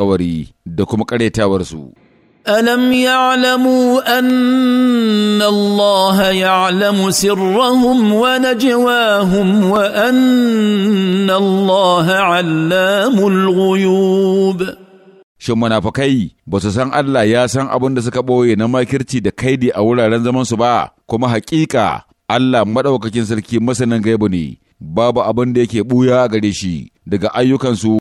alkawari da kuma ƙaretawarsu. Alam ya'lamu anna Allah ya'lamu sirrahum wa najwahum wa anna Allah allamul ghuyub Shin munafukai ba su san Allah ya san abin da suka ɓoye na makirci da kaidi a wuraren zamansu ba, kuma haƙiƙa Allah maɗaukakin sarki masanin gaibu ne, babu abin da yake ɓuya a gare shi daga ayyukansu